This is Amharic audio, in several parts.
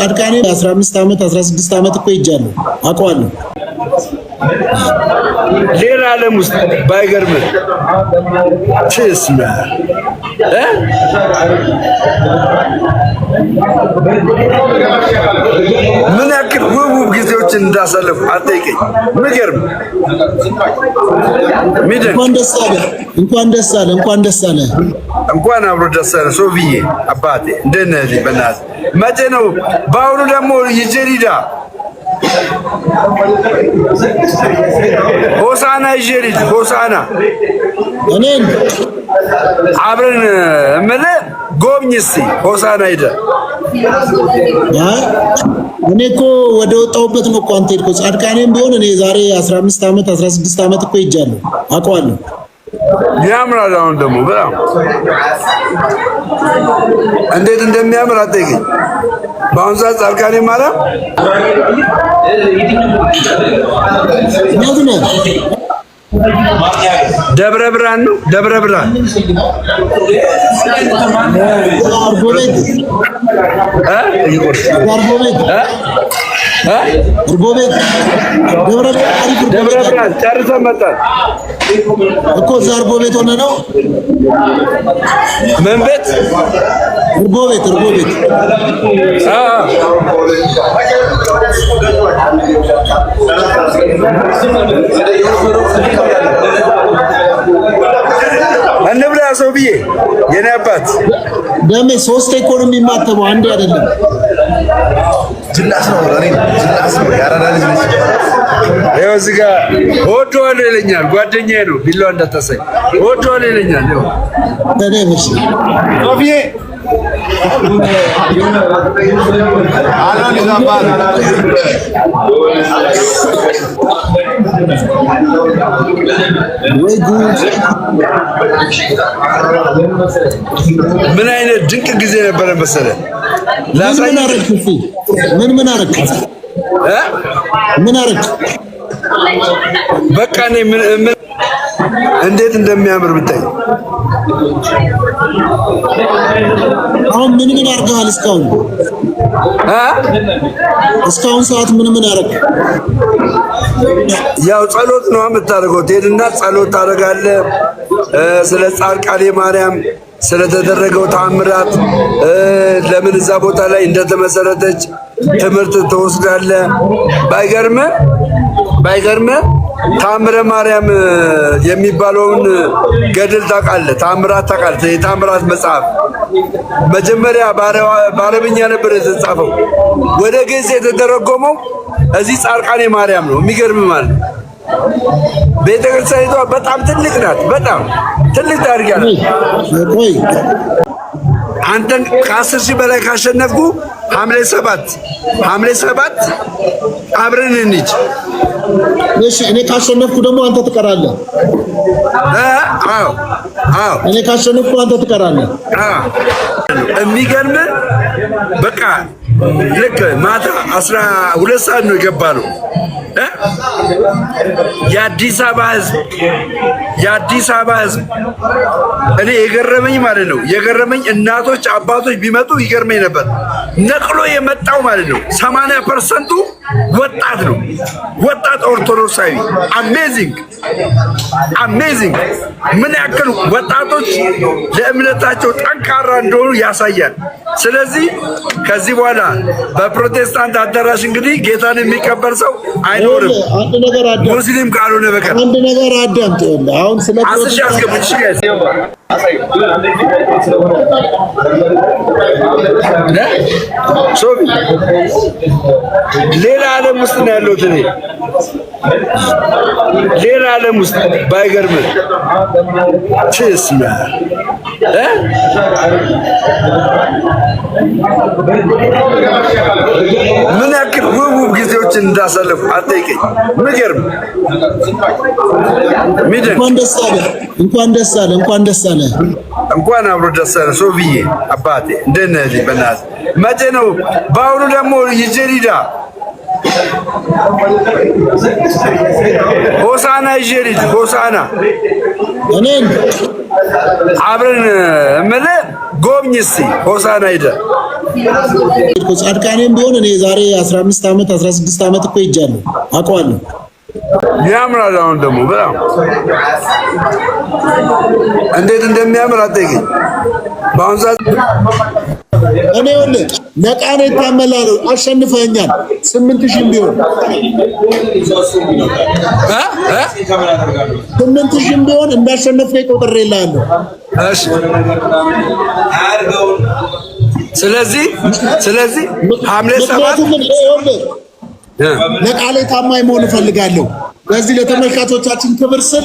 ጻድቃኔ 15 ዓመት 16 ዓመት እኮ ይጃለሁ አውቀዋለሁ። ሌላ ዓለም ውስጥ ባይገርም ትስማ እ ምን ያክል ውብ ጊዜዎችን እንዳሳለፉ አጠይቀኝ። ምገርም ሚድን እንኳን ደስ አለ እንኳን ደስ አለ እንኳን ደስ አለ፣ እንኳን አብሮ ደስ አለ ሶፊዬ አባቴ እንደነዚህ በናት መቼ ነው በአሁኑ ደግሞ የጀሪዳ ሆሳና ይዤ ልጅ ሆሳና እኔን አብረን እምልህ ጎብኝ እስኪ ሆሳና ሄደህ እኔ እኮ ወደ ወጣሁበት ነው እኮ አንተ ሄድኩት። ጻድቃኔም ቢሆን እኔ ዛሬ 15 ዓመት 16 ዓመት እኮ ሄጃለሁ፣ አውቀዋለሁ። ያምራል። አሁን ደግሞ በጣም እንዴት እንደሚያምር አጠይቀኝ በአሁኑ ሰዓት ጻድቃኔ ማርያም ደብረ ብርሃን ነው። ደብረ ብርሃን ደብረ ብርሃን ጨርሰን መጣን እኮ እዛ አርጎ ቤት ሆነ ነው ምን እርጎ ቤት እርጎ ቤት እንብላ ሰው ብዬ የኔ አባት ደሜ ሶስት ኢኮኖሚ የማተበው አንዴ አይደለም። ጅላስ ነው ረኔ ጅላስ ነው ያራዳ ልጅ ነች። ይኸው እዚህ ጋር እወደዋለሁ ይለኛል። ጓደኛዬ ነው ቢላዋ እንዳታሳይ እወደዋለሁ ይለኛል። ይኸው ተደምሽ ምን አይነት ድንቅ ጊዜ ነበረ መሰለ። ምን ምን አረክ? ምን አረክ? በቃ እኔ ምን እንዴት እንደሚያምር ብታይ። አሁን ምን ምን አድርገሃል እስካሁን? እስካሁን ሰዓት ምን ምን አደረግ? ያው ጸሎት ነው የምታደርገው። ትሄድና ጸሎት ታደርጋለህ። ስለ ጻድቃኔ ማርያም ስለተደረገው ታምራት ለምን እዛ ቦታ ላይ እንደተመሰረተች ትምህርት ትወስዳለህ። ባይገርምህ ባይገርምህ ታምረ ማርያም የሚባለውን ገድል ታውቃለህ? ታምራት ታውቃለህ? የታምራት መጽሐፍ መጀመሪያ በአረብኛ ነበር የተጻፈው፣ ወደ ግዕዝ የተደረጎመው እዚህ ጻርቃኔ ማርያም ነው። የሚገርም ማለት ነው። ቤተክርስቲያኒቷ በጣም ትልቅ ናት። በጣም ትልቅ ታሪክ አንተን ከአስር ሺህ በላይ ካሸነፍኩ ሐምሌ ሰባት ሐምሌ ሰባት አብረን እንሂድ። እሺ፣ እኔ ካሸነፍኩ ደግሞ አንተ ትቀራለህ። አዎ፣ አዎ፣ እኔ ካሸነፍኩ አንተ ትቀራለህ። አዎ፣ የሚገርም በቃ ልክ ማታ አስራ ሁለት ሰዓት ነው የገባ ነው የአዲስ አበባ ህዝብ የአዲስ አበባ ህዝብ እኔ የገረመኝ ማለት ነው የገረመኝ እናቶች አባቶች ቢመጡ ይገርመኝ ነበር። ነቅሎ የመጣው ማለት ነው። 80 ፐርሰንቱ ወጣት ነው። ወጣት ኦርቶዶክሳዊ አሜዚንግ አሜዚንግ። ምን ያክል ወጣቶች ለእምነታቸው ጠንካራ እንደሆኑ ያሳያል። ስለዚህ ከዚህ በኋላ በፕሮቴስታንት አዳራሽ እንግዲህ ጌታን የሚቀበል ሰው አይኖርም፣ ሙስሊም ካልሆነ በቀር። አንድ ነገር አዳምጥ። አሁን ስለ ሌላ ዓለም ውስጥ ነው ያለሁት እኔ። ሌላ ዓለም ውስጥ ባይገርምህ ትስማ ምን ያክል ጊዜዎችን እንዳሳለፉ አጠይቀኝ። ምገርም እንኳን ደስ አለ እንኳን ደስ አለ እንኳን አብሮ ደስ አለ አባቴ መቼ ነው በአሁኑ ደግሞ የጀሪዳ ሆሳና ይዤ ልሂድ። ሆሳና እኔን አብረን እምልህ ጎብኝ እስኪ ሆሳና ሄደህ ጻድቃኔም ቢሆን እኔ ዛሬ 15 ዓመት 16 ዓመት እኮ ይጃለሁ አውቀዋለሁ። ያምራል። አሁን ደግሞ በጣም እንዴት እንደሚያምር አጠይቀኝ በአሁን ሰዓት እኔ ወለ ነቃን የታመላ ነው። አሸንፈኛል። ስምንት ሺህ ቢሆን ስምንት ሺህ ቢሆን እንዳሸነፈ ቆጥሬልሃለሁ። እሺ ስለዚህ ስለዚህ ሐምሌ ሰባት ነቃ ታማኝ መሆን እፈልጋለሁ። ለዚህ ለተመልካቾቻችን ክብር ስል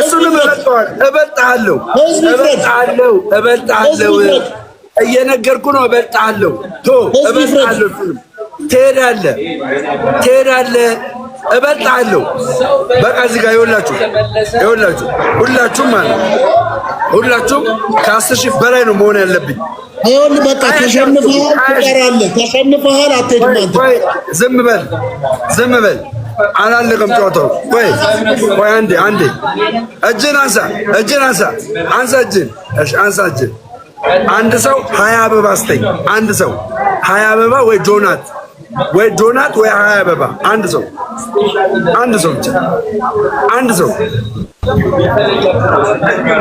እሱን እበልጠዋል። እበልጣለሁ፣ እበልጣለሁ፣ እበልጣለሁ። እየነገርኩ ነው። እበልጣለሁ፣ ቶ እበልጣለሁ። ትሄዳለህ፣ ትሄዳለህ። እበልጣለሁ። በቃ እዚህ ጋር ይኸውላችሁ፣ ይኸውላችሁ ሁላችሁም ማለት ሁላችሁም ከአስር ሺህ በላይ ነው መሆን ያለብኝ። ይሁን በቃ ተሸንፈሃል፣ ትቀራለህ። ተሸንፈሃል፣ አትሄድም። ዝም በል፣ ዝም በል አላለቀም ጨዋታው። ቆይ ቆይ፣ አንዴ አንዴ፣ እጅን አንሳ፣ እጅን አንሳ፣ አንሳ፣ እጅን እሺ፣ አንሳ፣ እጅን። አንድ ሰው ሀያ አበባ አስተኝ። አንድ ሰው ሀያ አበባ ወይ ዶናት ወይ ዶናት ወይ ሀያ አበባ። አንድ ሰው አንድ ሰው ብቻ አንድ ሰው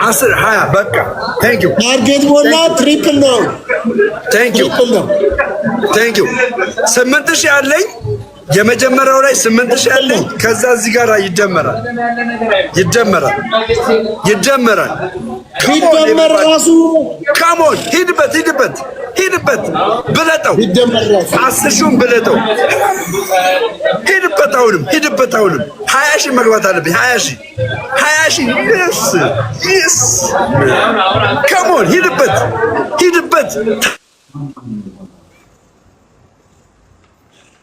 አስር ሀያ በቃ። ቴንክ ዩ ታርጌት ቦላ ትሪፕል ነው። ቴንክ ዩ ቴንክ ዩ ስምንት ሺህ አለኝ የመጀመሪያው ላይ ስምንት ሺህ አለኝ። ከዛ እዚህ ጋር ይደመራል ይደመራል ይደመራል ይደመር ራሱ ካሞን ሂድበት ሂድበት ሂድበት ብለጠው አስር ሺውን ብለጠው ሂድበት አሁንም ሂድበት አሁንም ሀያ ሺህ መግባት አለብኝ። ሀያ ሺህ ሀያ ሺህ ይስ ይስ ካሞን ሂድበት ሂድበት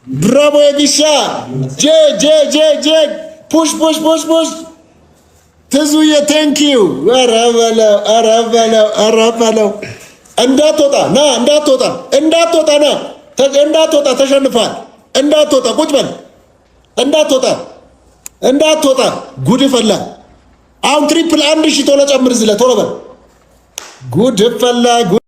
Bravo Elisha! Jay, Jay, Jay, Jay! Push, push, push, push! ትዙዬ ቴንክ ዩ። ኧረ በለው ኧረ በለው ኧረ በለው። እንዳትወጣ ና እንዳትወጣ እንዳትወጣ ና እንዳትወጣ። ተሸንፈሃል። እንዳትወጣ ቁጭ በል። እንዳትወጣ እንዳትወጣ። ጉድ ፈላ። አሁን ትሪፕል አንድ ሺህ ቶሎ ጨምር። ዝለ ቶሎ በል። ጉድ ፈላ።